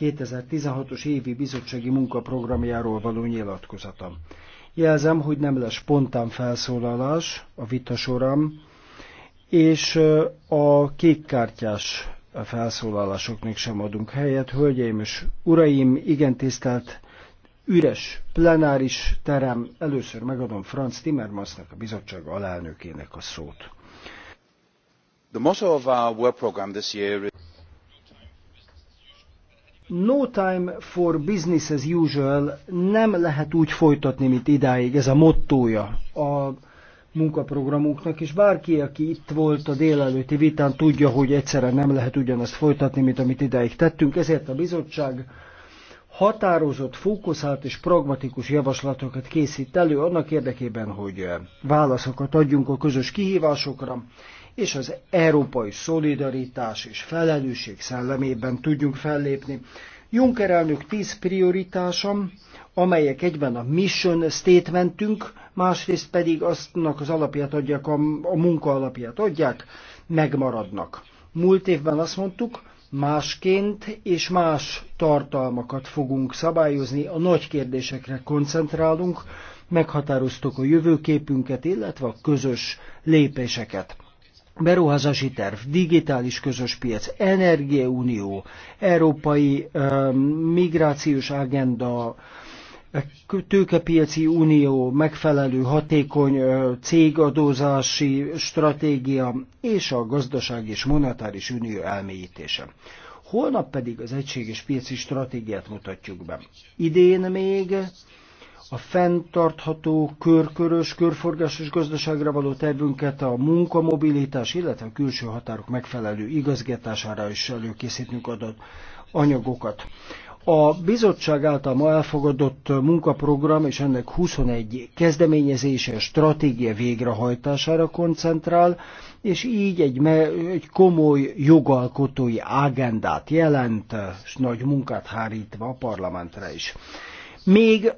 2016-os évi bizottsági munkaprogramjáról való nyilatkozatom. Jelzem, hogy nem lesz spontán felszólalás a vita és a kékkártyás felszólalásoknak sem adunk helyet. Hölgyeim és uraim, igen tisztelt üres plenáris terem, először megadom Franz Timmermansnak, a bizottság alelnökének a szót. The motto of our work program this year is... No time for business as usual nem lehet úgy folytatni, mint idáig. Ez a mottója a munkaprogramunknak, és bárki, aki itt volt a délelőtti vitán, tudja, hogy egyszerre nem lehet ugyanazt folytatni, mint amit idáig tettünk. Ezért a bizottság határozott, fókuszált és pragmatikus javaslatokat készít elő annak érdekében, hogy válaszokat adjunk a közös kihívásokra, és az európai szolidaritás és felelősség szellemében tudjunk fellépni. Juncker elnök tíz prioritásom, amelyek egyben a mission statementünk, másrészt pedig aztnak az alapját adják, a, a munka alapját adják, megmaradnak. Múlt évben azt mondtuk, másként és más tartalmakat fogunk szabályozni, a nagy kérdésekre koncentrálunk, meghatároztuk a jövőképünket, illetve a közös lépéseket beruházási terv, digitális közös piac, energiaunió, európai ö, migrációs agenda, tőkepiaci unió, megfelelő hatékony cégadózási stratégia és a gazdasági és monetáris unió elmélyítése. Holnap pedig az egységes piaci stratégiát mutatjuk be. Idén még a fenntartható, körkörös, körforgásos gazdaságra való tervünket a munkamobilitás, illetve a külső határok megfelelő igazgatására is előkészítünk adott anyagokat. A bizottság által ma elfogadott munkaprogram és ennek 21 kezdeményezése a stratégia végrehajtására koncentrál, és így egy, egy komoly jogalkotói agendát jelent, és nagy munkát hárítva a parlamentre is. Még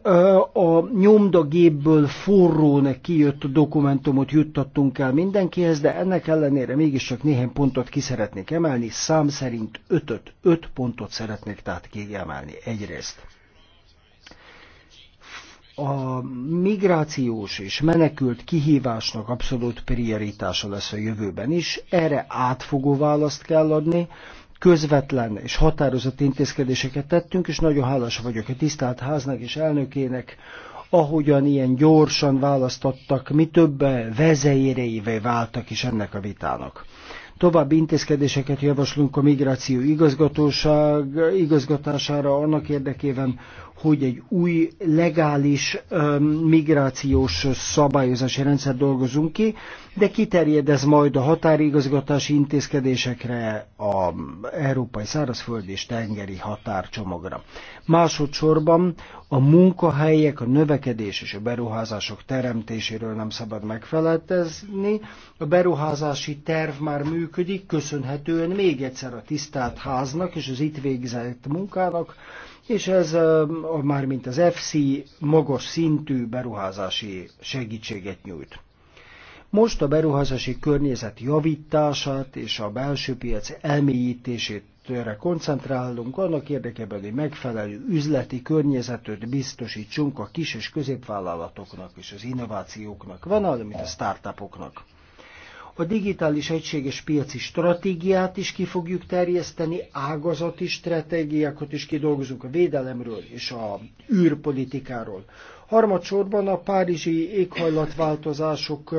a nyomdagépből forrón kijött dokumentumot juttattunk el mindenkihez, de ennek ellenére mégiscsak néhány pontot ki szeretnék emelni. Szám szerint 5 öt pontot szeretnék tehát kiemelni egyrészt. A migrációs és menekült kihívásnak abszolút prioritása lesz a jövőben is, erre átfogó választ kell adni, közvetlen és határozott intézkedéseket tettünk, és nagyon hálás vagyok a tisztelt háznak és elnökének, ahogyan ilyen gyorsan választottak, mi több vezeireivé váltak is ennek a vitának. További intézkedéseket javaslunk a migráció igazgatóság igazgatására annak érdekében, hogy egy új legális migrációs szabályozási rendszer dolgozunk ki, de kiterjed ez majd a határigazgatási intézkedésekre, a európai szárazföld és tengeri határcsomagra. Másodszorban a munkahelyek, a növekedés és a beruházások teremtéséről nem szabad megfeleltezni. A beruházási terv már működik, köszönhetően még egyszer a tisztát háznak és az itt végzett munkának, és ez már mint az FC magas szintű beruházási segítséget nyújt. Most a beruházási környezet javítását és a belső piac elmélyítését erre koncentrálunk, annak érdekében, hogy megfelelő üzleti környezetet biztosítsunk a kis és középvállalatoknak és az innovációknak, van, amit a startupoknak. A digitális egységes piaci stratégiát is ki fogjuk terjeszteni, ágazati stratégiákat is kidolgozunk a védelemről és a űrpolitikáról. Harmadsorban a párizsi éghajlatváltozások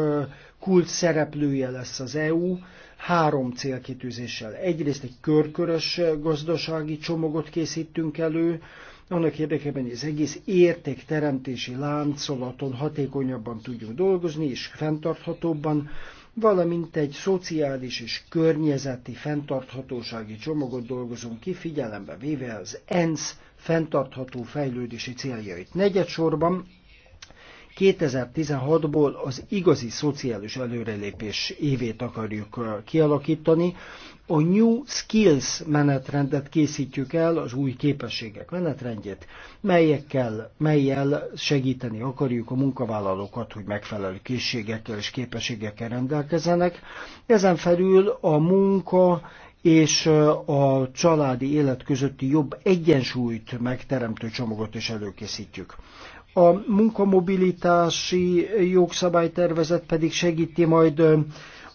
kult szereplője lesz az EU, három célkitűzéssel. Egyrészt egy körkörös gazdasági csomagot készítünk elő, annak érdekében, hogy az egész értékteremtési láncolaton hatékonyabban tudjunk dolgozni, és fenntarthatóbban valamint egy szociális és környezeti fenntarthatósági csomagot dolgozunk ki, figyelembe véve az ENSZ fenntartható fejlődési céljait. Negyedsorban 2016-ból az igazi szociális előrelépés évét akarjuk uh, kialakítani. A New Skills menetrendet készítjük el, az új képességek menetrendjét, melyekkel, melyel segíteni akarjuk a munkavállalókat, hogy megfelelő készségekkel és képességekkel rendelkezzenek. Ezen felül a munka és uh, a családi élet közötti jobb egyensúlyt megteremtő csomagot is előkészítjük. A munkamobilitási jogszabálytervezet pedig segíti majd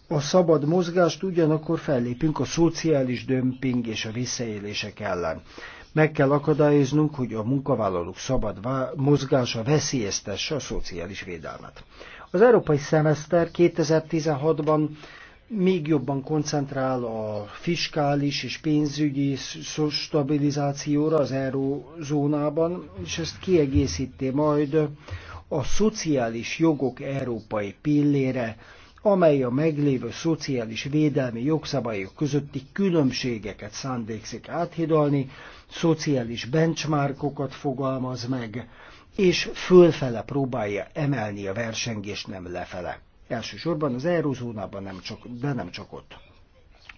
a szabad mozgást, ugyanakkor fellépünk a szociális dömping és a visszaélések ellen. Meg kell akadályoznunk, hogy a munkavállalók szabad mozgása veszélyeztesse a szociális védelmet. Az európai szemeszter 2016-ban még jobban koncentrál a fiskális és pénzügyi stabilizációra az eurózónában, és ezt kiegészíti majd a szociális jogok európai pillére, amely a meglévő szociális védelmi jogszabályok közötti különbségeket szándékszik áthidalni, szociális benchmarkokat fogalmaz meg, és fölfele próbálja emelni a versengést, nem lefele. Elsősorban az eurozónában, nem csak, de nem csak ott.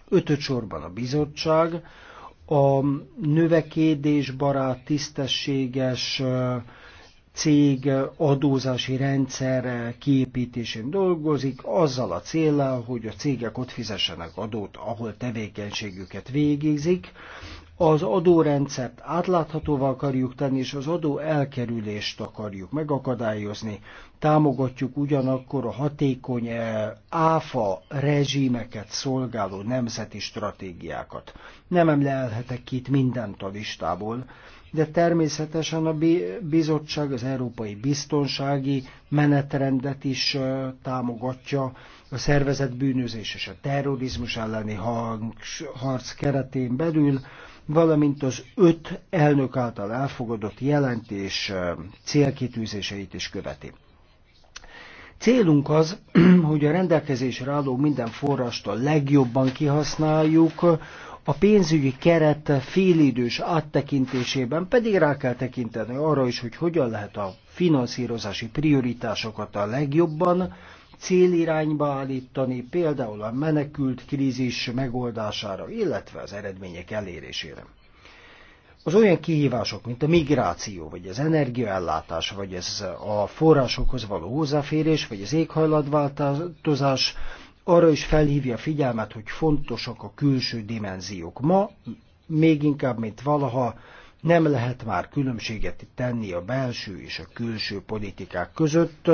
Ötöt sorban a bizottság, a növekedésbarát, tisztességes cég adózási rendszer kiépítésén dolgozik, azzal a célral, hogy a cégek ott fizessenek adót, ahol tevékenységüket végigzik az adórendszert átláthatóvá akarjuk tenni, és az adó elkerülést akarjuk megakadályozni. Támogatjuk ugyanakkor a hatékony eh, áfa rezsimeket szolgáló nemzeti stratégiákat. Nem emlelhetek ki itt mindent a listából, de természetesen a bizottság az európai biztonsági menetrendet is eh, támogatja, a szervezet bűnözés és a terrorizmus elleni harc keretén belül valamint az öt elnök által elfogadott jelentés célkitűzéseit is követi. Célunk az, hogy a rendelkezésre álló minden forrást a legjobban kihasználjuk, a pénzügyi keret félidős áttekintésében pedig rá kell tekinteni arra is, hogy hogyan lehet a finanszírozási prioritásokat a legjobban célirányba állítani, például a menekült krízis megoldására, illetve az eredmények elérésére. Az olyan kihívások, mint a migráció, vagy az energiaellátás, vagy ez a forrásokhoz való hozzáférés, vagy az éghajlatváltozás, arra is felhívja figyelmet, hogy fontosak a külső dimenziók. Ma még inkább, mint valaha, nem lehet már különbséget tenni a belső és a külső politikák között.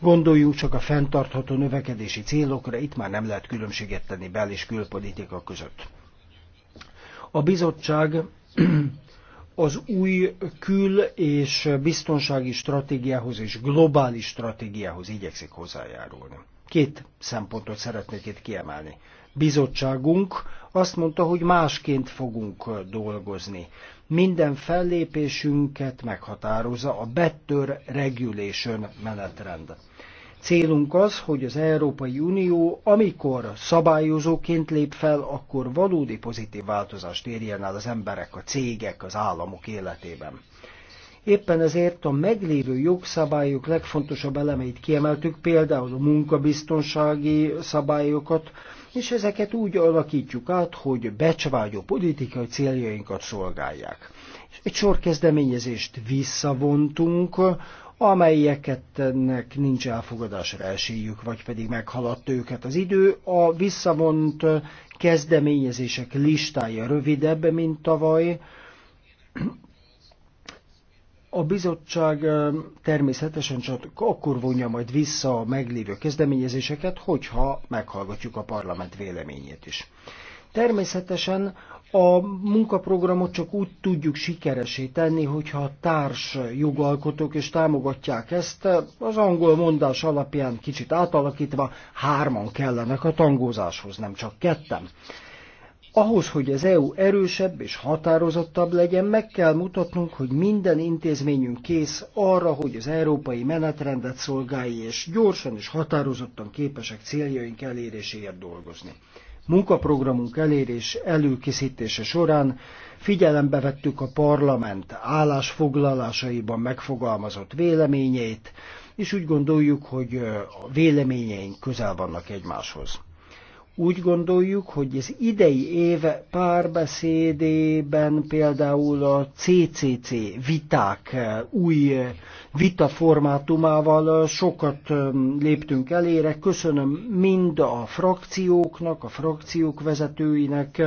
Gondoljuk csak a fenntartható növekedési célokra, itt már nem lehet különbséget tenni bel- és külpolitika között. A bizottság az új kül- és biztonsági stratégiához és globális stratégiához igyekszik hozzájárulni. Két szempontot szeretnék itt kiemelni. Bizottságunk azt mondta, hogy másként fogunk dolgozni minden fellépésünket meghatározza a Better Regulation menetrend. Célunk az, hogy az Európai Unió, amikor szabályozóként lép fel, akkor valódi pozitív változást érjen el az emberek, a cégek, az államok életében. Éppen ezért a meglévő jogszabályok legfontosabb elemeit kiemeltük, például a munkabiztonsági szabályokat, és ezeket úgy alakítjuk át, hogy becsvágyó politikai céljainkat szolgálják. Egy sor kezdeményezést visszavontunk, amelyeketnek nincs elfogadásra esélyük, vagy pedig meghaladt őket az idő. A visszavont kezdeményezések listája rövidebb, mint tavaly, a bizottság természetesen csak akkor vonja majd vissza a meglévő kezdeményezéseket, hogyha meghallgatjuk a parlament véleményét is. Természetesen a munkaprogramot csak úgy tudjuk sikeresé tenni, hogyha a társ jogalkotók és támogatják ezt. Az angol mondás alapján kicsit átalakítva hárman kellenek a tangózáshoz, nem csak ketten. Ahhoz, hogy az EU erősebb és határozottabb legyen, meg kell mutatnunk, hogy minden intézményünk kész arra, hogy az európai menetrendet szolgálja, és gyorsan és határozottan képesek céljaink eléréséért dolgozni. Munkaprogramunk elérés előkészítése során figyelembe vettük a parlament állásfoglalásaiban megfogalmazott véleményeit, és úgy gondoljuk, hogy a véleményeink közel vannak egymáshoz. Úgy gondoljuk, hogy az idei éve párbeszédében például a CCC viták eh, új eh, vita formátumával eh, sokat léptünk elére. Köszönöm mind a frakcióknak, a frakciók vezetőinek,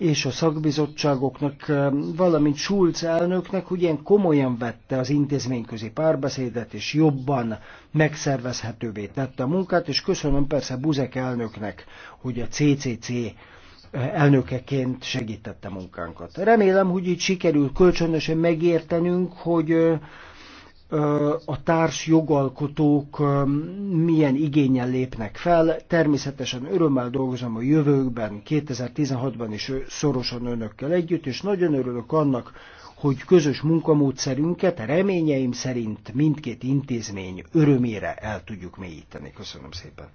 és a szakbizottságoknak, valamint Schulz elnöknek, hogy ilyen komolyan vette az intézményközi párbeszédet, és jobban megszervezhetővé tette a munkát, és köszönöm persze Buzek elnöknek, hogy a CCC elnökeként segítette munkánkat. Remélem, hogy így sikerül kölcsönösen megértenünk, hogy a társ jogalkotók milyen igényen lépnek fel. Természetesen örömmel dolgozom a jövőkben, 2016-ban is szorosan önökkel együtt, és nagyon örülök annak, hogy közös munkamódszerünket reményeim szerint mindkét intézmény örömére el tudjuk mélyíteni. Köszönöm szépen.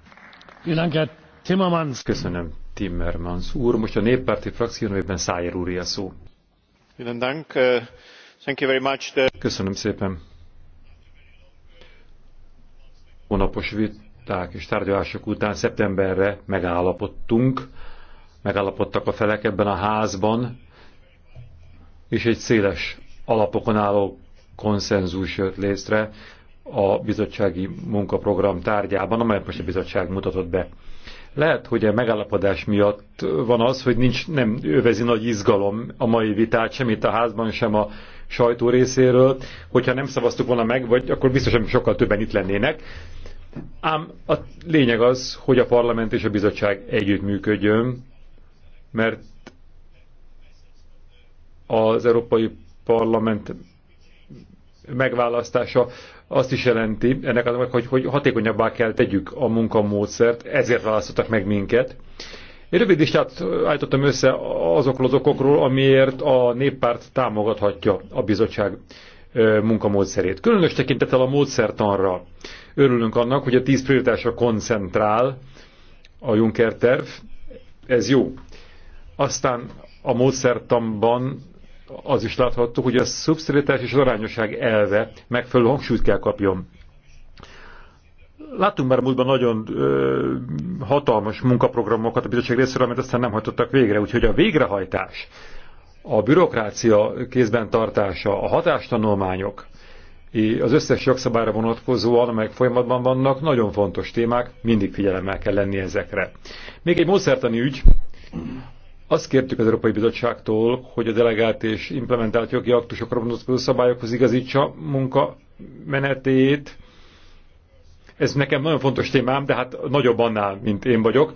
Köszönöm, Timmermans úr. Most a néppárti frakció nevében Szájer úr szó. Köszönöm szépen hónapos viták és tárgyalások után szeptemberre megállapodtunk, megállapodtak a felek ebben a házban, és egy széles alapokon álló konszenzus jött létre a bizottsági munkaprogram tárgyában, amelyet most a bizottság mutatott be. Lehet, hogy a megállapodás miatt van az, hogy nincs, nem övezi nagy izgalom a mai vitát, sem itt a házban, sem a sajtó részéről, hogyha nem szavaztuk volna meg, vagy akkor biztosan sokkal többen itt lennének. Ám a lényeg az, hogy a parlament és a bizottság együttműködjön, mert az Európai Parlament megválasztása azt is jelenti, ennek az, hogy, hogy hatékonyabbá kell tegyük a munkamódszert, ezért választottak meg minket, én rövid listát állítottam össze azokról az okokról, amiért a néppárt támogathatja a bizottság munkamódszerét. Különös tekintettel a módszertanra örülünk annak, hogy a tíz prioritásra koncentrál a Juncker terv. Ez jó. Aztán a módszertanban az is látható, hogy a szubszidiaritás és az arányosság elve megfelelő hangsúlyt kell kapjon. Láttunk már múltban nagyon ö, hatalmas munkaprogramokat a bizottság részéről, amit aztán nem hajtottak végre. Úgyhogy a végrehajtás, a bürokrácia kézben tartása, a hatástanulmányok, az összes jogszabályra vonatkozóan, amelyek folyamatban vannak, nagyon fontos témák, mindig figyelemmel kell lenni ezekre. Még egy módszertani ügy, azt kértük az Európai Bizottságtól, hogy a delegált és implementált jogi aktusokra vonatkozó szabályokhoz igazítsa munka menetét, ez nekem nagyon fontos témám, de hát nagyobb annál, mint én vagyok.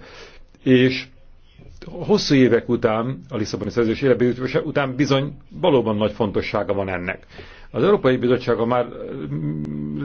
És hosszú évek után, a Lisszaboni szerzős életbizonyítása után bizony valóban nagy fontossága van ennek. Az Európai Bizottsága már mm,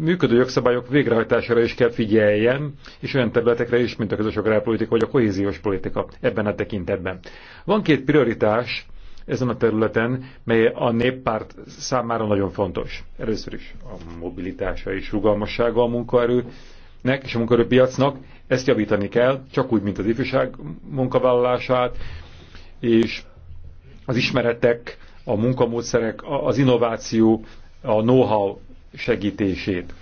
működő jogszabályok végrehajtására is kell figyeljen, és olyan területekre is, mint a közös agrárpolitika vagy a kohéziós politika ebben a tekintetben. Van két prioritás, ezen a területen, mely a néppárt számára nagyon fontos. Először is a mobilitása és rugalmassága a munkaerőnek és a munkaerőpiacnak. Ezt javítani kell, csak úgy, mint az ifjúság munkavállalását, és az ismeretek, a munkamódszerek, az innováció, a know-how segítését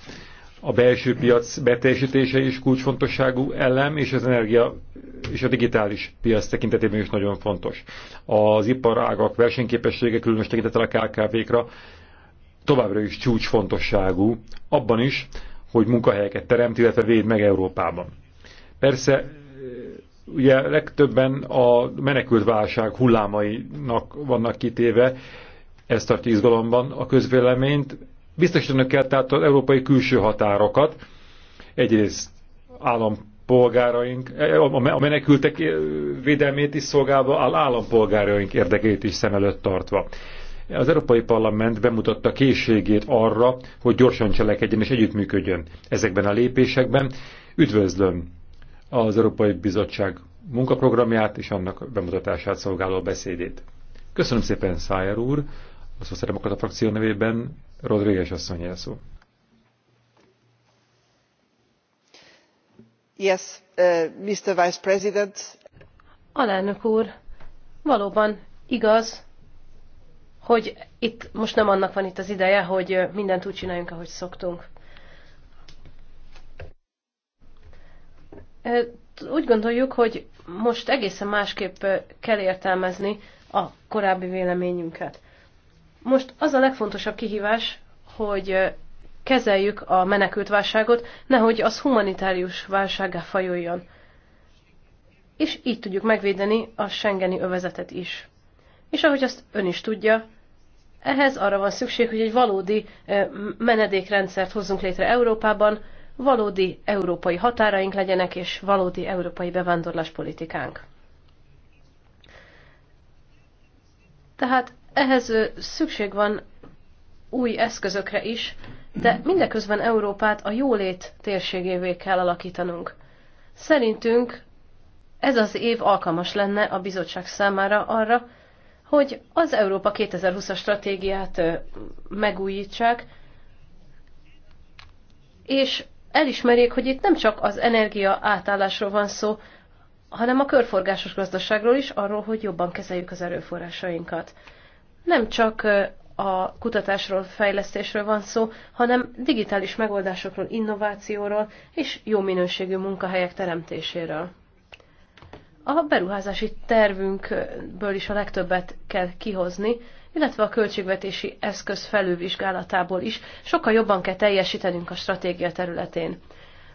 a belső piac beteljesítése is kulcsfontosságú elem, és az energia és a digitális piac tekintetében is nagyon fontos. Az iparágak versenyképessége különös tekintetel a KKV-kra továbbra is csúcsfontosságú, abban is, hogy munkahelyeket teremt, illetve véd meg Európában. Persze ugye legtöbben a menekült válság hullámainak vannak kitéve, ez tartja izgalomban a közvéleményt, Biztosítanak kell tehát az európai külső határokat, egyrészt állampolgáraink, a menekültek védelmét is szolgálva, áll állampolgáraink érdekét is szem előtt tartva. Az Európai Parlament bemutatta készségét arra, hogy gyorsan cselekedjen és együttműködjön ezekben a lépésekben. Üdvözlöm az Európai Bizottság munkaprogramját és annak bemutatását szolgáló beszédét. Köszönöm szépen, Szájer úr! a Szociáldemokrata frakció nevében Rodríguez asszony jelszó. Yes, uh, Mr. Vice President. Alelnök úr, valóban igaz, hogy itt most nem annak van itt az ideje, hogy uh, mindent úgy csináljunk, ahogy szoktunk. Uh, úgy gondoljuk, hogy most egészen másképp uh, kell értelmezni a korábbi véleményünket. Most az a legfontosabb kihívás, hogy kezeljük a menekült válságot, nehogy az humanitárius válságá fajuljon. És így tudjuk megvédeni a Schengeni övezetet is. És ahogy azt ön is tudja, ehhez arra van szükség, hogy egy valódi menedékrendszert hozzunk létre Európában, valódi európai határaink legyenek, és valódi európai bevándorláspolitikánk. Tehát ehhez szükség van új eszközökre is, de mindeközben Európát a jólét térségévé kell alakítanunk. Szerintünk ez az év alkalmas lenne a bizottság számára arra, hogy az Európa 2020-as stratégiát megújítsák, és elismerjék, hogy itt nem csak az energia átállásról van szó, hanem a körforgásos gazdaságról is, arról, hogy jobban kezeljük az erőforrásainkat nem csak a kutatásról, fejlesztésről van szó, hanem digitális megoldásokról, innovációról és jó minőségű munkahelyek teremtéséről. A beruházási tervünkből is a legtöbbet kell kihozni, illetve a költségvetési eszköz felülvizsgálatából is sokkal jobban kell teljesítenünk a stratégia területén.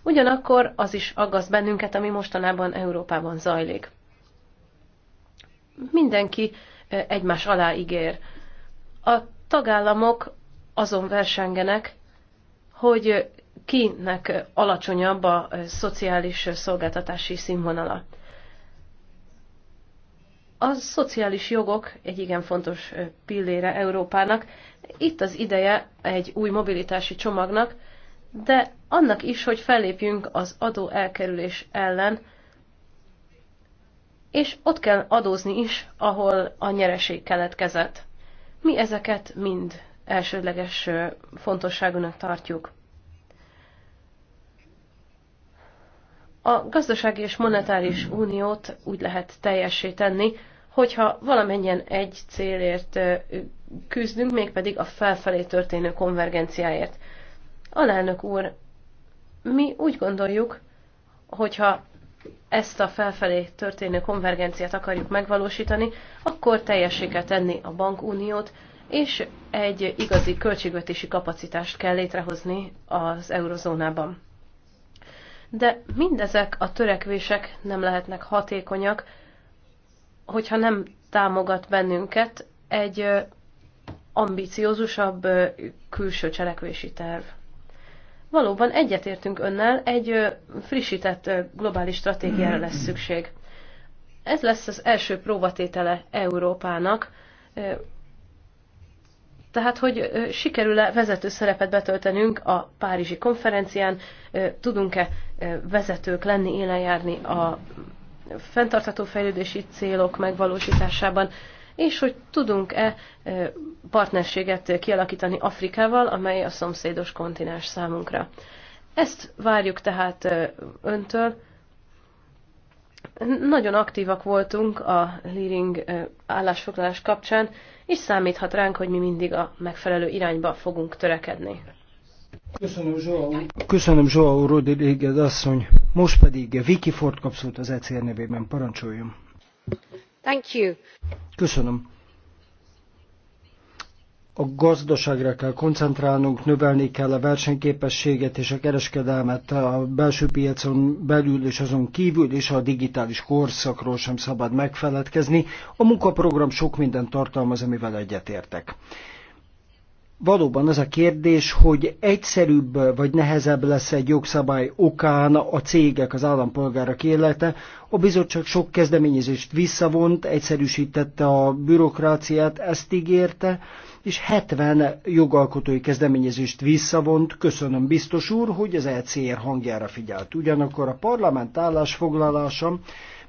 Ugyanakkor az is aggaszt bennünket, ami mostanában Európában zajlik. Mindenki egymás alá ígér. A tagállamok azon versengenek, hogy kinek alacsonyabb a szociális szolgáltatási színvonala. A szociális jogok egy igen fontos pillére Európának. Itt az ideje egy új mobilitási csomagnak, de annak is, hogy fellépjünk az adó elkerülés ellen, és ott kell adózni is, ahol a nyereség keletkezett. Mi ezeket mind elsődleges fontosságúnak tartjuk. A gazdasági és monetáris uniót úgy lehet teljessé tenni, hogyha valamennyien egy célért küzdünk, mégpedig a felfelé történő konvergenciáért. Alelnök úr, mi úgy gondoljuk, hogyha ezt a felfelé történő konvergenciát akarjuk megvalósítani, akkor teljessé kell tenni a bankuniót, és egy igazi költségvetési kapacitást kell létrehozni az eurozónában. De mindezek a törekvések nem lehetnek hatékonyak, hogyha nem támogat bennünket egy ambiciózusabb külső cselekvési terv. Valóban egyetértünk önnel, egy frissített globális stratégiára lesz mm-hmm. szükség. Ez lesz az első próbatétele Európának, tehát, hogy sikerül-e vezető szerepet betöltenünk a Párizsi konferencián, tudunk-e vezetők lenni, élen járni a fenntartható fejlődési célok megvalósításában, és hogy tudunk-e partnerséget kialakítani Afrikával, amely a szomszédos kontinens számunkra. Ezt várjuk tehát öntől. Nagyon aktívak voltunk a Leering állásfoglalás kapcsán, és számíthat ránk, hogy mi mindig a megfelelő irányba fogunk törekedni. Köszönöm, Zsoa Köszönöm, úr, Rodríguez asszony. Most pedig Vicky Ford kapszult az ECR nevében. Parancsoljon. Köszönöm. A gazdaságra kell koncentrálnunk, növelni kell a versenyképességet és a kereskedelmet a belső piacon belül és azon kívül, és a digitális korszakról sem szabad megfeledkezni. A munkaprogram sok mindent tartalmaz, amivel egyetértek. Valóban az a kérdés, hogy egyszerűbb vagy nehezebb lesz egy jogszabály okán a cégek, az állampolgárok élete. A bizottság sok kezdeményezést visszavont, egyszerűsítette a bürokráciát, ezt ígérte, és 70 jogalkotói kezdeményezést visszavont. Köszönöm biztos úr, hogy az ECR hangjára figyelt. Ugyanakkor a parlament állásfoglalása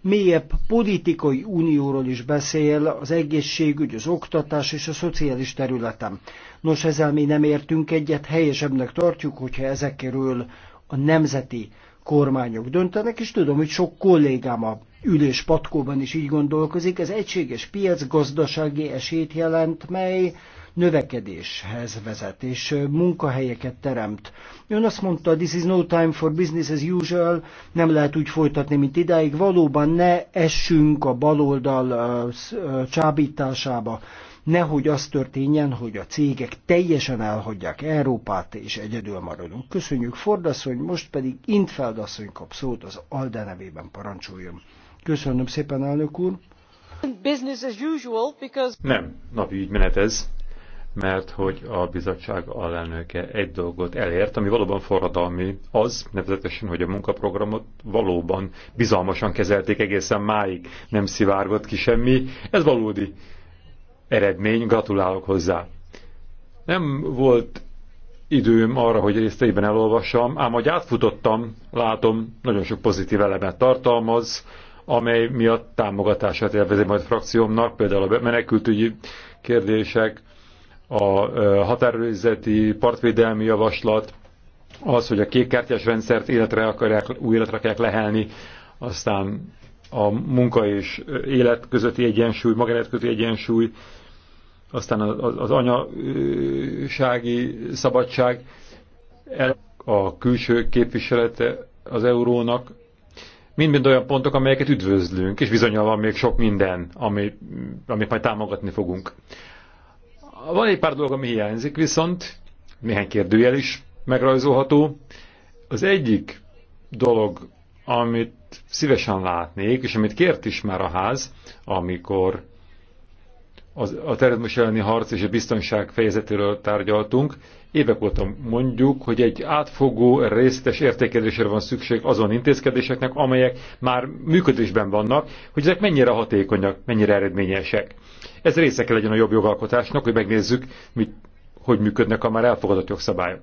mélyebb politikai unióról is beszél az egészségügy, az oktatás és a szociális területen. Nos, ezzel mi nem értünk egyet, helyesebbnek tartjuk, hogyha ezekről a nemzeti kormányok döntenek, és tudom, hogy sok kollégám a ülés patkóban is így gondolkozik, ez egységes piac gazdasági esélyt jelent, mely növekedéshez vezet, és munkahelyeket teremt. Ön azt mondta, this is no time for business as usual, nem lehet úgy folytatni, mint idáig, valóban ne essünk a baloldal csábításába nehogy az történjen, hogy a cégek teljesen elhagyják Európát, és egyedül maradunk. Köszönjük Fordasszony, most pedig Intfeld asszony kap szót az Alde nevében parancsoljon. Köszönöm szépen, elnök úr! Nem, napi ügymenet ez, mert hogy a bizottság alelnöke egy dolgot elért, ami valóban forradalmi, az nevezetesen, hogy a munkaprogramot valóban bizalmasan kezelték egészen máig, nem szivárgott ki semmi. Ez valódi eredmény, gratulálok hozzá. Nem volt időm arra, hogy részteiben elolvassam, ám ahogy átfutottam, látom, nagyon sok pozitív elemet tartalmaz, amely miatt támogatását élvezi majd frakciómnak, például a menekültügyi kérdések, a határőrizeti partvédelmi javaslat, az, hogy a kékkártyás rendszert életre akarják, új életre akarják lehelni, aztán a munka és élet közötti egyensúly, magánélet közötti egyensúly, aztán az, az anyasági szabadság, a külső képviselete az eurónak, mind-mind olyan pontok, amelyeket üdvözlünk, és bizonyal van még sok minden, ami, amit majd támogatni fogunk. Van egy pár dolog, ami hiányzik, viszont néhány kérdőjel is megrajzolható. Az egyik dolog, amit szívesen látnék, és amit kért is már a ház, amikor az, a terrorizmus elleni harc és a biztonság fejezetéről tárgyaltunk. Évek óta mondjuk, hogy egy átfogó, részletes értékelésre van szükség azon intézkedéseknek, amelyek már működésben vannak, hogy ezek mennyire hatékonyak, mennyire eredményesek. Ez része kell legyen a jobb jogalkotásnak, hogy megnézzük, mit, hogy működnek a már elfogadott jogszabályok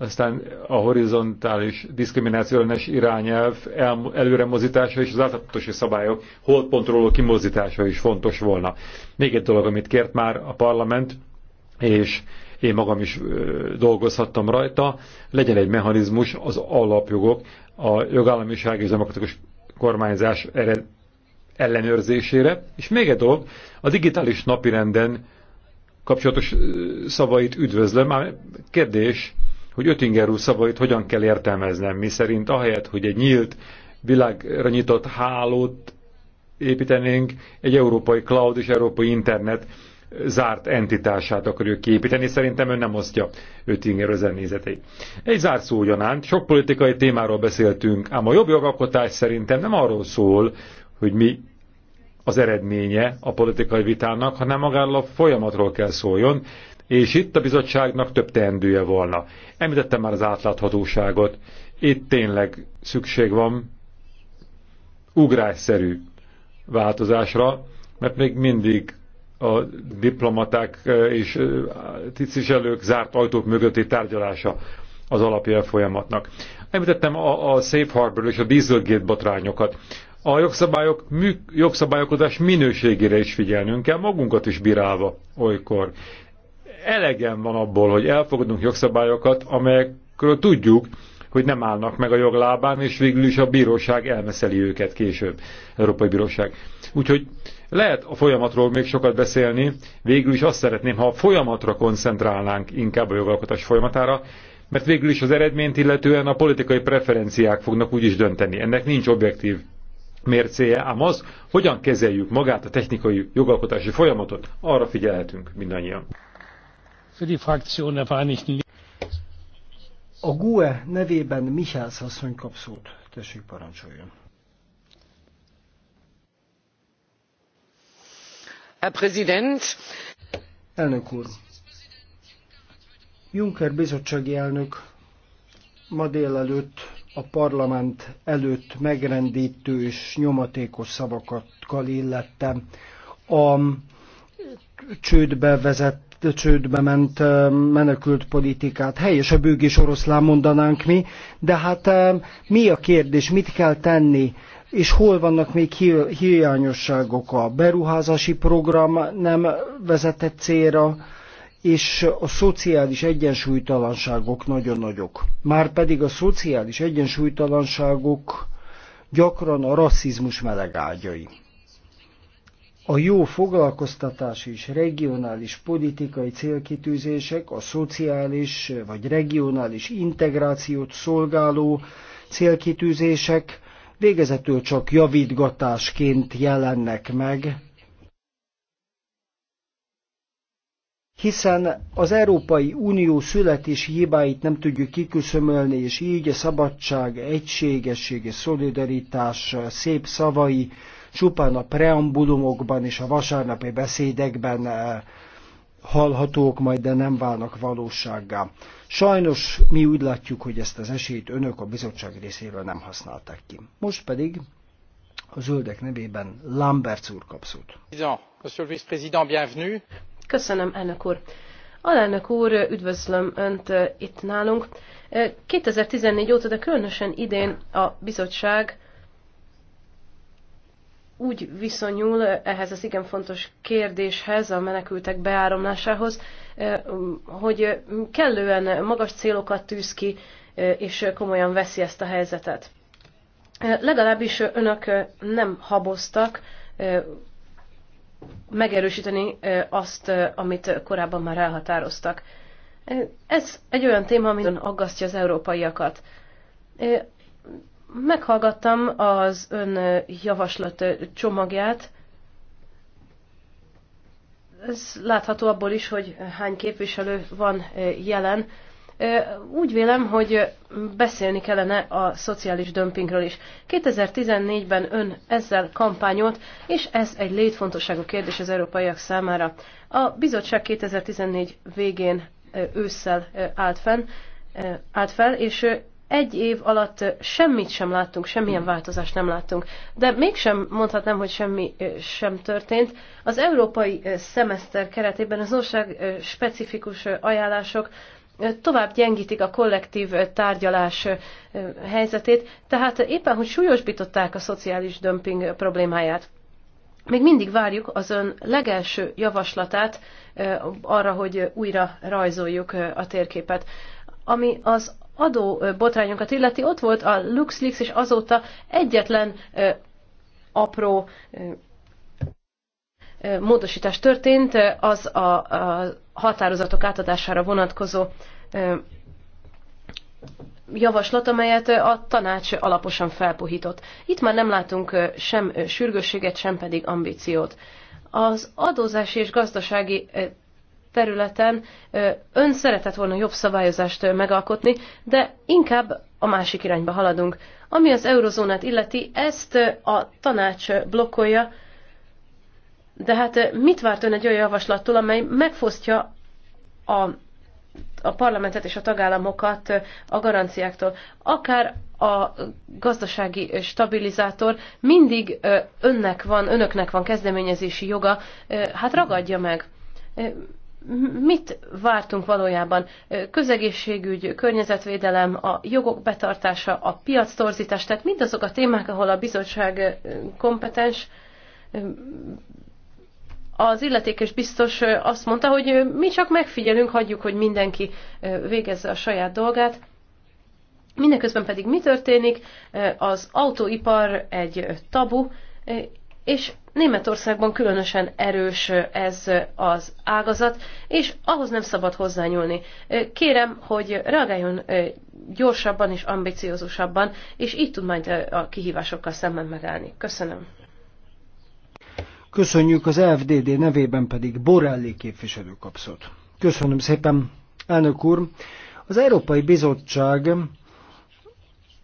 aztán a horizontális diszkriminációs irányelv el, előremozítása és az általánosi szabályok holtpontról kimozdítása is fontos volna. Még egy dolog, amit kért már a parlament, és én magam is dolgozhattam rajta, legyen egy mechanizmus az alapjogok, a jogállamiság és demokratikus kormányzás ered, ellenőrzésére. És még egy dolog, a digitális napirenden kapcsolatos szavait üdvözlöm, már kérdés, hogy Ötinger úr szavait hogyan kell értelmeznem, mi szerint ahelyett, hogy egy nyílt, világra nyitott hálót építenénk, egy európai cloud és európai internet zárt entitását akarjuk kiépíteni. Szerintem ön nem osztja Ötinger özennézetei. Egy zárt szó ugyanánt, sok politikai témáról beszéltünk, ám a jobb jogalkotás szerintem nem arról szól, hogy mi az eredménye a politikai vitának, hanem magáról a folyamatról kell szóljon, és itt a bizottságnak több teendője volna. Említettem már az átláthatóságot, itt tényleg szükség van ugrásszerű változásra, mert még mindig a diplomaták e, és e, tisztviselők zárt ajtók mögötti tárgyalása az alapja a folyamatnak. Említettem a, a Safe Harbor és a Dieselgate botrányokat. A jogszabályok, jogszabályokodás minőségére is figyelnünk kell, magunkat is bírálva olykor elegem van abból, hogy elfogadunk jogszabályokat, amelyekről tudjuk, hogy nem állnak meg a joglábán, és végül is a bíróság elmeszeli őket később, Európai Bíróság. Úgyhogy lehet a folyamatról még sokat beszélni, végül is azt szeretném, ha a folyamatra koncentrálnánk inkább a jogalkotás folyamatára, mert végül is az eredményt illetően a politikai preferenciák fognak úgyis dönteni. Ennek nincs objektív mércéje, ám az, hogyan kezeljük magát a technikai jogalkotási folyamatot, arra figyelhetünk mindannyian. A GUE nevében Michels asszony kap szót. Tessék parancsoljon. Herr Präsident! Elnök úr! Juncker bizottsági elnök ma délelőtt a parlament előtt megrendítő és nyomatékos szavakat illettem a csődbe vezet csődbe ment menekült politikát. Helyes a bőgés oroszlán mondanánk mi, de hát mi a kérdés, mit kell tenni, és hol vannak még hiányosságok a beruházási program nem vezetett célra, és a szociális egyensúlytalanságok nagyon nagyok. Márpedig a szociális egyensúlytalanságok gyakran a rasszizmus melegágyai. A jó foglalkoztatás és regionális politikai célkitűzések a szociális vagy regionális integrációt szolgáló célkitűzések végezetül csak javítgatásként jelennek meg, hiszen az Európai Unió születési hibáit nem tudjuk kiküszömölni, és így a szabadság, egységesség és szolidaritás szép szavai csupán a preambulumokban és a vasárnapi beszédekben eh, hallhatók majd, de nem válnak valósággá. Sajnos mi úgy látjuk, hogy ezt az esélyt önök a bizottság részéről nem használták ki. Most pedig a zöldek nevében Lambert úr kap szót. Köszönöm, elnök úr. Alelnök úr, üdvözlöm Önt eh, itt nálunk. Eh, 2014 óta, de különösen idén a bizottság úgy viszonyul ehhez az igen fontos kérdéshez, a menekültek beáramlásához, hogy kellően magas célokat tűz ki, és komolyan veszi ezt a helyzetet. Legalábbis önök nem haboztak megerősíteni azt, amit korábban már elhatároztak. Ez egy olyan téma, ami aggasztja az európaiakat. Meghallgattam az ön javaslat csomagját. Ez látható abból is, hogy hány képviselő van jelen. Úgy vélem, hogy beszélni kellene a szociális dömpingről is. 2014-ben ön ezzel kampányolt, és ez egy létfontosságú kérdés az európaiak számára. A bizottság 2014 végén ősszel állt, fenn, állt fel, és egy év alatt semmit sem láttunk, semmilyen változást nem láttunk. De mégsem mondhatnám, hogy semmi sem történt. Az európai szemeszter keretében az ország specifikus ajánlások tovább gyengítik a kollektív tárgyalás helyzetét, tehát éppen, hogy súlyosbították a szociális dömping problémáját. Még mindig várjuk az ön legelső javaslatát arra, hogy újra rajzoljuk a térképet. Ami az adó botrányokat illeti, ott volt a LuxLeaks, és azóta egyetlen apró módosítás történt, az a, a határozatok átadására vonatkozó javaslat, amelyet a tanács alaposan felpuhított. Itt már nem látunk sem sürgősséget, sem pedig ambíciót. Az adózási és gazdasági területen ön szeretett volna jobb szabályozást megalkotni, de inkább a másik irányba haladunk. Ami az eurozónát illeti, ezt a tanács blokkolja, de hát mit várt ön egy olyan javaslattól, amely megfosztja a, a parlamentet és a tagállamokat a garanciáktól? Akár a gazdasági stabilizátor mindig önnek van, önöknek van kezdeményezési joga, hát ragadja meg mit vártunk valójában? Közegészségügy, környezetvédelem, a jogok betartása, a piac torzítás, tehát mindazok a témák, ahol a bizottság kompetens, az illetékes biztos azt mondta, hogy mi csak megfigyelünk, hagyjuk, hogy mindenki végezze a saját dolgát. Mindeközben pedig mi történik? Az autóipar egy tabu, és Németországban különösen erős ez az ágazat, és ahhoz nem szabad hozzányúlni. Kérem, hogy reagáljon gyorsabban és ambiciózusabban, és így tud majd a kihívásokkal szemben megállni. Köszönöm. Köszönjük az FDD nevében pedig Borelli képviselő Köszönöm szépen, elnök úr. Az Európai Bizottság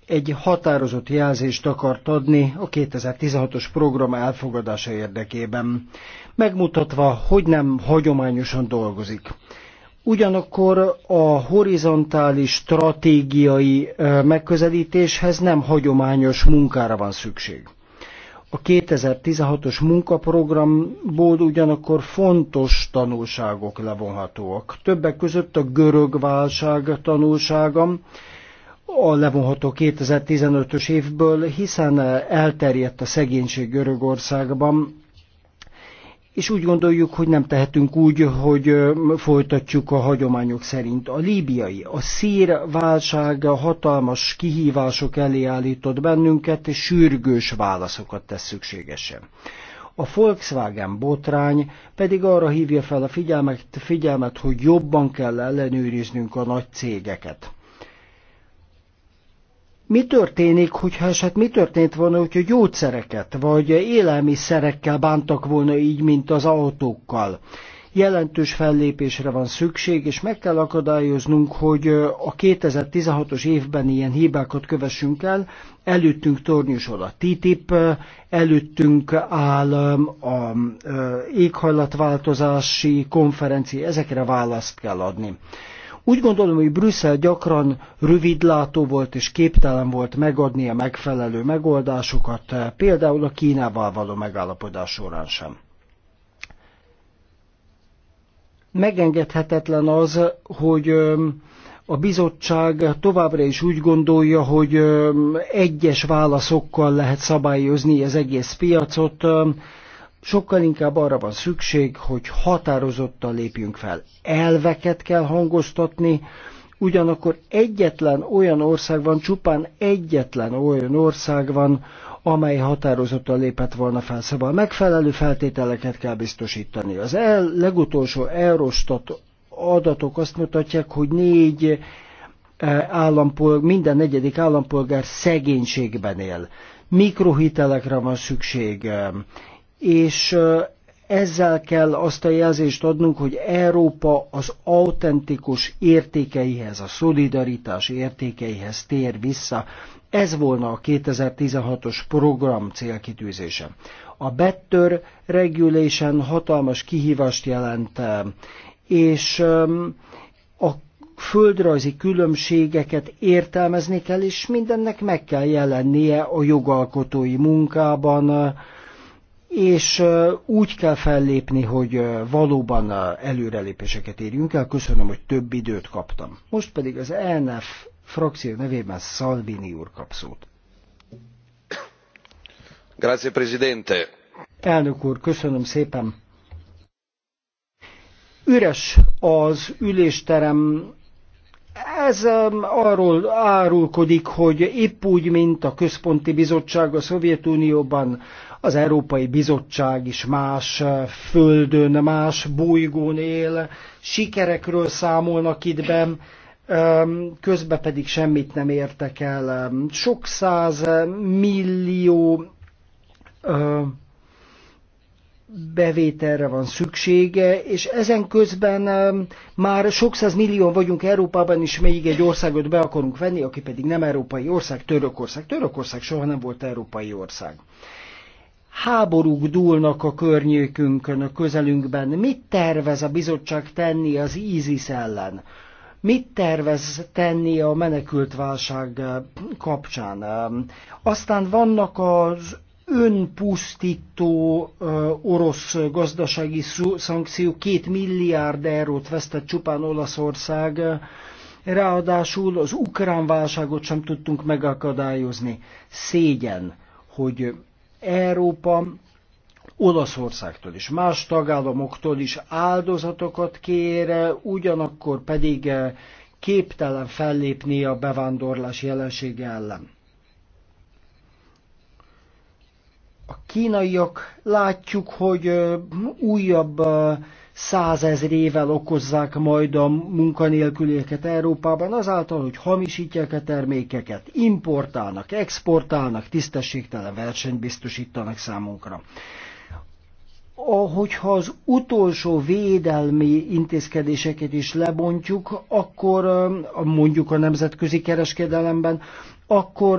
egy határozott jelzést akart adni a 2016-os program elfogadása érdekében, megmutatva, hogy nem hagyományosan dolgozik. Ugyanakkor a horizontális stratégiai megközelítéshez nem hagyományos munkára van szükség. A 2016-os munkaprogramból ugyanakkor fontos tanulságok levonhatóak. Többek között a görög válság tanulsága, a levonható 2015-ös évből, hiszen elterjedt a szegénység Görögországban, és úgy gondoljuk, hogy nem tehetünk úgy, hogy folytatjuk a hagyományok szerint. A líbiai, a szír válság hatalmas kihívások elé állított bennünket, és sürgős válaszokat tesz szükségesen. A Volkswagen botrány pedig arra hívja fel a figyelmet, figyelmet hogy jobban kell ellenőriznünk a nagy cégeket mi történik, hogyha eset mi történt volna, hogyha gyógyszereket vagy élelmiszerekkel bántak volna így, mint az autókkal. Jelentős fellépésre van szükség, és meg kell akadályoznunk, hogy a 2016-os évben ilyen hibákat kövessünk el. Előttünk tornyosol a TTIP, előttünk áll um, a um, éghajlatváltozási konferencia, ezekre választ kell adni. Úgy gondolom, hogy Brüsszel gyakran rövidlátó volt és képtelen volt megadni a megfelelő megoldásokat, eh, például a Kínával való megállapodás során sem. Megengedhetetlen az, hogy eh, a bizottság továbbra is úgy gondolja, hogy eh, egyes válaszokkal lehet szabályozni az egész piacot, Sokkal inkább arra van szükség, hogy határozottan lépjünk fel. Elveket kell hangoztatni, ugyanakkor egyetlen olyan ország van, csupán egyetlen olyan ország van, amely határozottan lépett volna fel. Szóval megfelelő feltételeket kell biztosítani. Az el, legutolsó Eurostat adatok azt mutatják, hogy négy eh, állampolgár, minden negyedik állampolgár szegénységben él. Mikrohitelekre van szükség, eh, és ezzel kell azt a jelzést adnunk, hogy Európa az autentikus értékeihez, a szolidaritás értékeihez tér vissza. Ez volna a 2016-os program célkitűzése. A Better Regulation hatalmas kihívást jelent, és a földrajzi különbségeket értelmezni kell, és mindennek meg kell jelennie a jogalkotói munkában, és úgy kell fellépni, hogy valóban előrelépéseket érjünk el. Köszönöm, hogy több időt kaptam. Most pedig az ELNF frakció nevében Salvini úr kap szót. Grazie, Presidente. Elnök úr, köszönöm szépen. Üres az ülésterem, ez arról árulkodik, hogy épp úgy, mint a központi bizottság a Szovjetunióban, az Európai Bizottság is más eh, földön, más bolygón él, sikerekről számolnak itt be, közben pedig semmit nem értek el. Sok száz millió bevételre van szüksége, és ezen közben már sok millió vagyunk Európában, és még egy országot be akarunk venni, aki pedig nem európai ország, Törökország. Törökország soha nem volt európai ország. Háborúk dúlnak a környékünkön, a közelünkben. Mit tervez a bizottság tenni az ISIS ellen? mit tervez tenni a menekültválság kapcsán. Aztán vannak az önpusztító orosz gazdasági szankció két milliárd eurót vesztett csupán Olaszország, ráadásul az ukrán válságot sem tudtunk megakadályozni. Szégyen, hogy Európa Olaszországtól és más tagállamoktól is áldozatokat kér, ugyanakkor pedig képtelen fellépni a bevándorlás jelensége ellen. a kínaiak látjuk, hogy újabb százezrével okozzák majd a munkanélkülieket Európában azáltal, hogy hamisítják a termékeket, importálnak, exportálnak, tisztességtelen versenyt biztosítanak számunkra. Ahogyha az utolsó védelmi intézkedéseket is lebontjuk, akkor mondjuk a nemzetközi kereskedelemben, akkor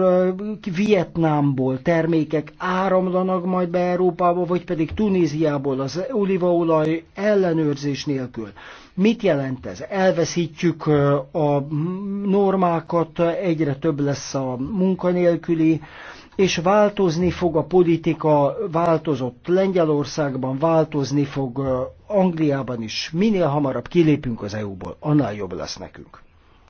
Vietnámból termékek áramlanak majd be Európába, vagy pedig Tunéziából az olívaolaj ellenőrzés nélkül. Mit jelent ez? Elveszítjük a normákat, egyre több lesz a munkanélküli, és változni fog a politika, változott Lengyelországban, változni fog Angliában is. Minél hamarabb kilépünk az EU-ból, annál jobb lesz nekünk.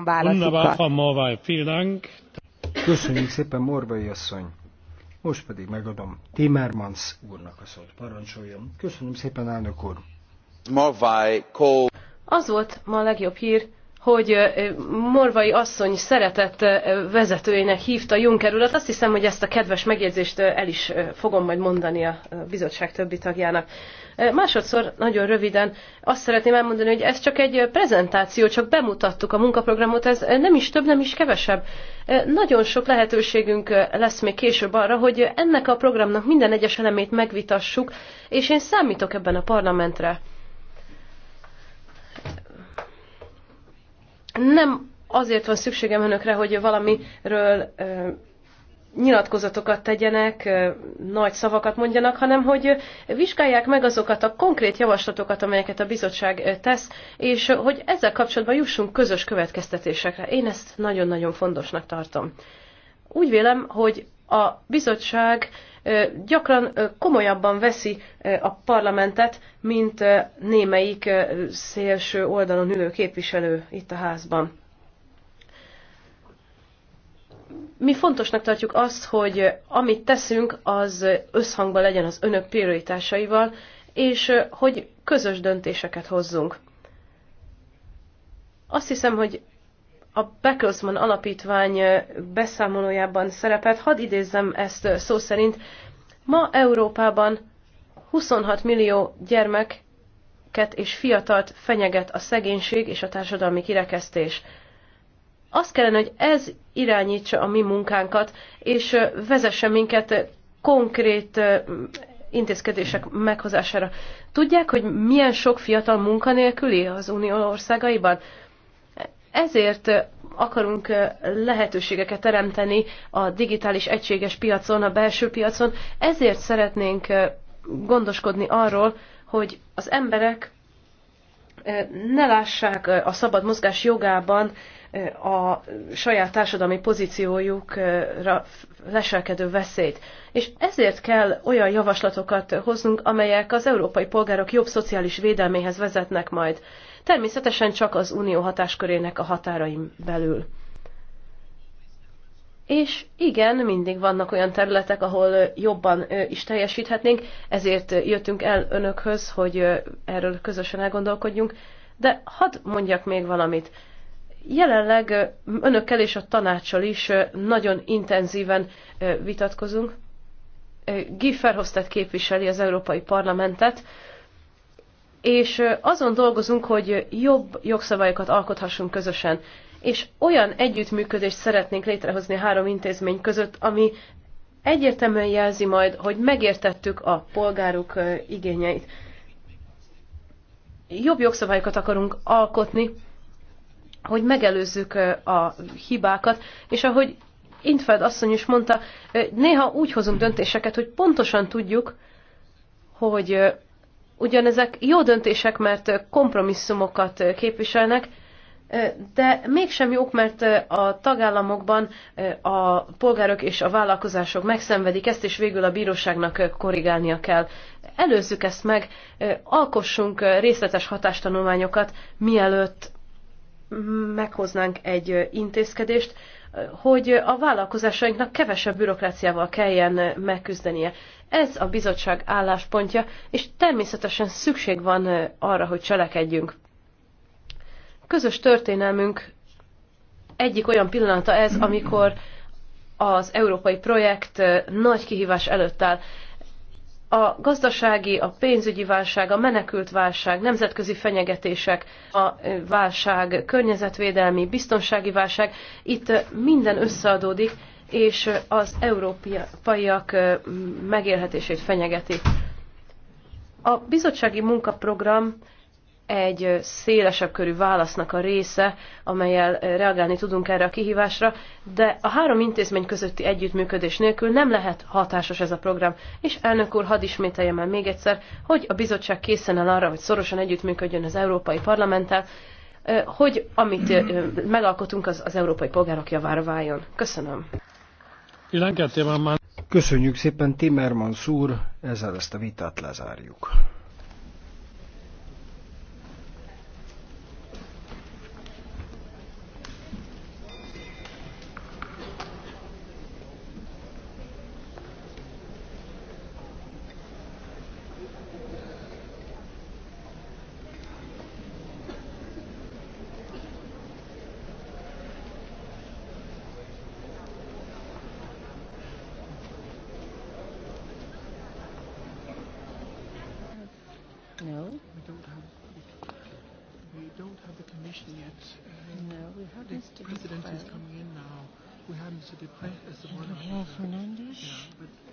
várom válaszukat. Köszönjük szépen, Morvai asszony. Most pedig megadom Timmermans úrnak a szót. Parancsoljon. Köszönöm szépen, elnök úr. Az volt ma a legjobb hír, hogy Morvai asszony szeretett vezetőjének hívta Juncker urat. Azt hiszem, hogy ezt a kedves megjegyzést el is fogom majd mondani a bizottság többi tagjának. Másodszor, nagyon röviden, azt szeretném elmondani, hogy ez csak egy prezentáció, csak bemutattuk a munkaprogramot, ez nem is több, nem is kevesebb. Nagyon sok lehetőségünk lesz még később arra, hogy ennek a programnak minden egyes elemét megvitassuk, és én számítok ebben a parlamentre. Nem azért van szükségem önökre, hogy valamiről nyilatkozatokat tegyenek, nagy szavakat mondjanak, hanem hogy vizsgálják meg azokat a konkrét javaslatokat, amelyeket a bizottság tesz, és hogy ezzel kapcsolatban jussunk közös következtetésekre. Én ezt nagyon-nagyon fontosnak tartom. Úgy vélem, hogy a bizottság gyakran komolyabban veszi a parlamentet, mint némelyik szélső oldalon ülő képviselő itt a házban. Mi fontosnak tartjuk azt, hogy amit teszünk, az összhangban legyen az önök prioritásaival, és hogy közös döntéseket hozzunk. Azt hiszem, hogy a Beckelsman alapítvány beszámolójában szerepelt, hadd idézzem ezt szó szerint, ma Európában 26 millió gyermeket és fiatalt fenyeget a szegénység és a társadalmi kirekesztés. Azt kellene, hogy ez irányítsa a mi munkánkat, és vezesse minket konkrét intézkedések meghozására. Tudják, hogy milyen sok fiatal munkanélküli az unió országaiban? Ezért akarunk lehetőségeket teremteni a digitális egységes piacon, a belső piacon, ezért szeretnénk gondoskodni arról, hogy az emberek ne lássák a szabad mozgás jogában a saját társadalmi pozíciójukra leselkedő veszélyt. És ezért kell olyan javaslatokat hoznunk, amelyek az európai polgárok jobb szociális védelméhez vezetnek majd természetesen csak az unió hatáskörének a határaim belül. És igen, mindig vannak olyan területek, ahol jobban is teljesíthetnénk, ezért jöttünk el önökhöz, hogy erről közösen elgondolkodjunk. De hadd mondjak még valamit. Jelenleg önökkel és a tanácssal is nagyon intenzíven vitatkozunk. Guy Verhofstadt képviseli az Európai Parlamentet, és azon dolgozunk, hogy jobb jogszabályokat alkothassunk közösen. És olyan együttműködést szeretnénk létrehozni három intézmény között, ami egyértelműen jelzi majd, hogy megértettük a polgárok igényeit. Jobb jogszabályokat akarunk alkotni, hogy megelőzzük a hibákat, és ahogy Intfeld asszony is mondta, néha úgy hozunk döntéseket, hogy pontosan tudjuk, hogy ugyanezek jó döntések, mert kompromisszumokat képviselnek, de mégsem jók, mert a tagállamokban a polgárok és a vállalkozások megszenvedik ezt, és végül a bíróságnak korrigálnia kell. Előzzük ezt meg, alkossunk részletes hatástanulmányokat, mielőtt meghoznánk egy intézkedést, hogy a vállalkozásainknak kevesebb bürokráciával kelljen megküzdenie. Ez a bizottság álláspontja, és természetesen szükség van arra, hogy cselekedjünk. Közös történelmünk egyik olyan pillanata ez, amikor az európai projekt nagy kihívás előtt áll a gazdasági, a pénzügyi válság, a menekült válság, nemzetközi fenyegetések, a válság, környezetvédelmi, biztonsági válság, itt minden összeadódik, és az európaiak megélhetését fenyegeti. A bizottsági munkaprogram egy szélesebb körű válasznak a része, amelyel reagálni tudunk erre a kihívásra, de a három intézmény közötti együttműködés nélkül nem lehet hatásos ez a program. És elnök úr, hadd ismételjem el még egyszer, hogy a bizottság készen el arra, hogy szorosan együttműködjön az Európai Parlamenttel, hogy amit megalkotunk, az az európai polgárok javára váljon. Köszönöm. Köszönjük szépen Timmermans úr, ezzel ezt a vitát lezárjuk. the president is coming in now. We have Mr. Depre as the one. We have Fernandes.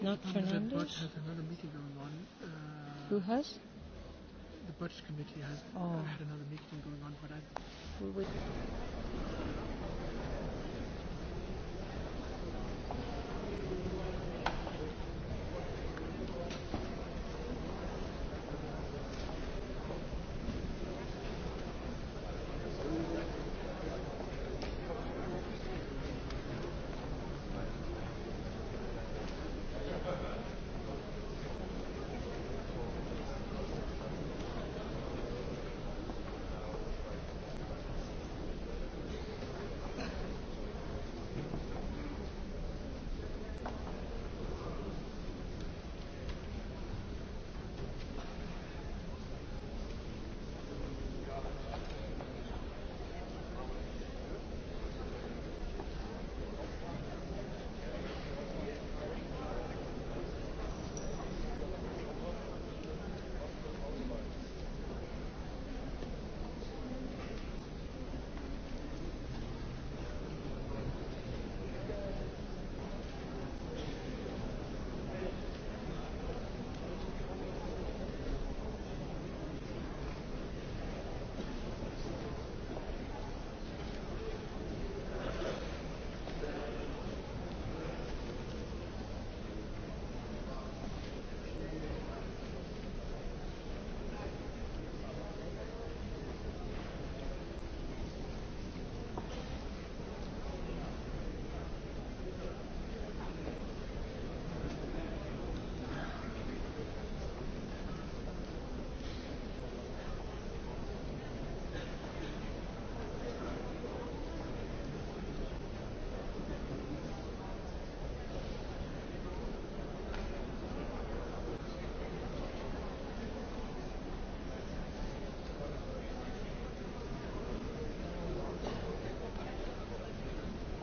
Yeah, Not Fernandes. The Budge has another meeting going on. Uh, Who has? The Budge committee has oh. had another meeting going on, but I. We would.